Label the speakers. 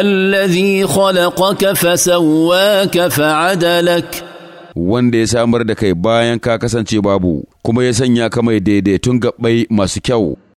Speaker 1: الذي خلقك فسواك فعدلك wanda ya samar da kai bayan ka kasance babu kuma ya sanya ka mai daidaitun gabbai
Speaker 2: masu kyau